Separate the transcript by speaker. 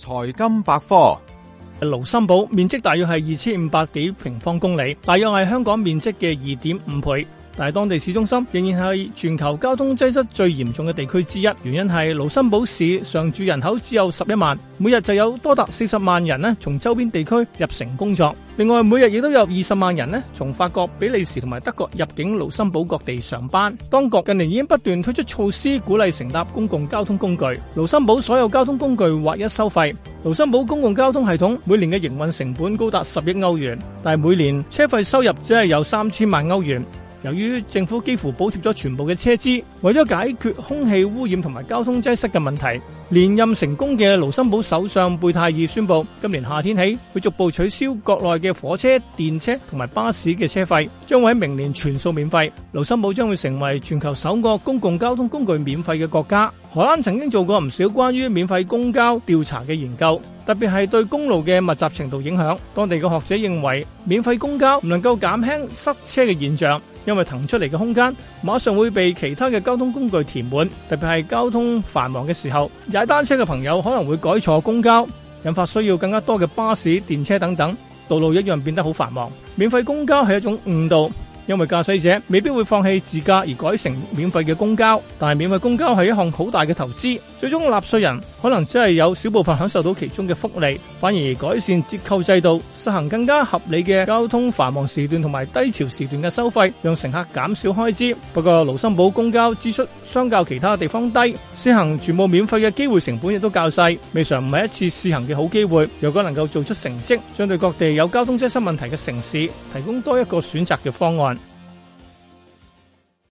Speaker 1: 財金百科，盧森堡面積大約係二千五百幾平方公里，大約係香港面積嘅二點五倍。但係，當地市中心仍然係全球交通擠塞最嚴重嘅地區之一。原因係盧森堡市常住人口只有十一萬，每日就有多達四十萬人咧從周邊地區入城工作。另外，每日亦都有二十萬人咧從法國、比利時同埋德國入境盧森堡各地上班。當局近年已經不斷推出措施，鼓勵乘搭公共交通工具。盧森堡所有交通工具劃一收費。盧森堡公共交通系統每年嘅營運成本高達十億歐元，但係每年車費收入只係有三千萬歐元。由於政府幾乎補貼咗全部嘅車資，為咗解決空氣污染同埋交通擠塞的問題，連任成功嘅盧森堡首相貝泰爾宣布，今年夏天起，會逐步取消國內嘅火車、電車同埋巴士嘅車費，將會喺明年全數免費。盧森堡將會成為全球首個公共交通工具免費嘅國家。荷蘭曾經做過唔少關於免費公交調查嘅研究，特別係對公路嘅密集程度影響，當地嘅學者認為免費公交唔能夠減輕塞車嘅現象，因為騰出嚟嘅空間，馬上會被其他嘅交通工具填滿，特別係交通繁忙嘅時候，踩單車嘅朋友可能會改坐公交，引發需要更加多嘅巴士、電車等等，道路一樣變得好繁忙。免費公交係一種誤導，因為駕駛者未必會放棄自駕而改成免費嘅公交，但係免費公交係一項好大嘅投資，最終納稅人。可能只係有少部分享受到其中嘅福利，反而改善折扣制度，實行更加合理嘅交通繁忙時段同埋低潮時段嘅收費，讓乘客減少開支。不過，盧森堡公交支出相較其他地方低，試行全部免費嘅機會成本亦都較細，未嘗唔係一次試行嘅好機會。若果能夠做出成績，將對各地有交通擠塞問題嘅城市提供多一個選擇嘅方案。